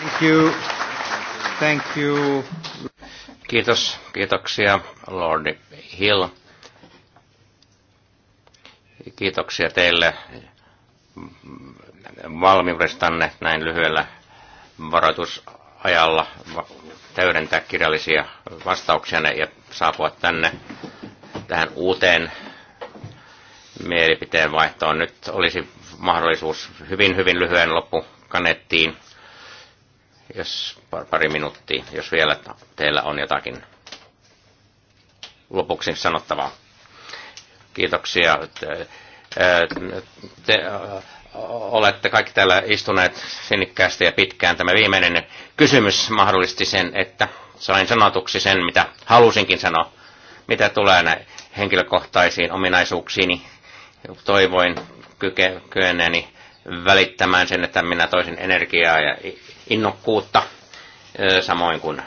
Thank you. Thank you. Kiitos, kiitoksia Lordi Hill. Kiitoksia teille mm, valmiudestanne näin lyhyellä varoitusajalla täydentää kirjallisia vastauksia ja saapua tänne tähän uuteen mielipiteen vaihtoon. Nyt olisi mahdollisuus hyvin, hyvin lyhyen loppukaneettiin jos pari minuuttia, jos vielä teillä on jotakin lopuksi sanottavaa. Kiitoksia. Te, eh, te eh, olette kaikki täällä istuneet sinnikkäästi ja pitkään. Tämä viimeinen kysymys mahdollisti sen, että sain sanotuksi sen, mitä halusinkin sanoa, mitä tulee näin henkilökohtaisiin ominaisuuksiini. Toivoin kykeneeni välittämään sen, että minä toisin energiaa ja innokkuutta, samoin kuin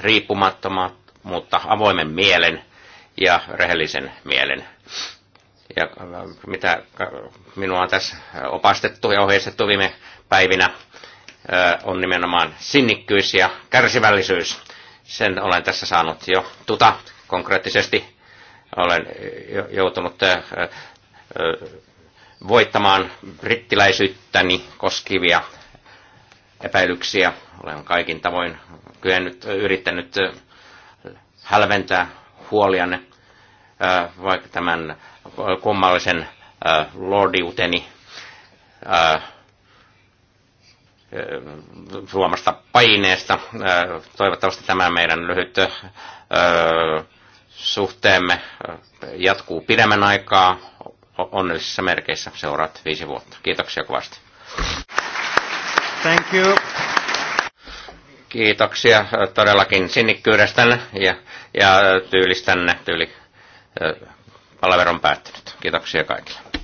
riippumattomat, mutta avoimen mielen ja rehellisen mielen. Ja mitä minua on tässä opastettu ja ohjeistettu viime päivinä, on nimenomaan sinnikkyys ja kärsivällisyys. Sen olen tässä saanut jo tuta konkreettisesti. Olen joutunut voittamaan brittiläisyyttäni koskivia epäilyksiä. Olen kaikin tavoin kyennyt, yrittänyt hälventää huolianne vaikka tämän kummallisen lordiuteni suomasta paineesta. Toivottavasti tämä meidän lyhyt suhteemme jatkuu pidemmän aikaa onnellisissa merkeissä seuraat viisi vuotta. Kiitoksia kovasti. Thank you. Kiitoksia äh, todellakin sinnikkyydestänne ja, ja tyylistänne. Tyyli, äh, palaveron päättynyt. Kiitoksia kaikille.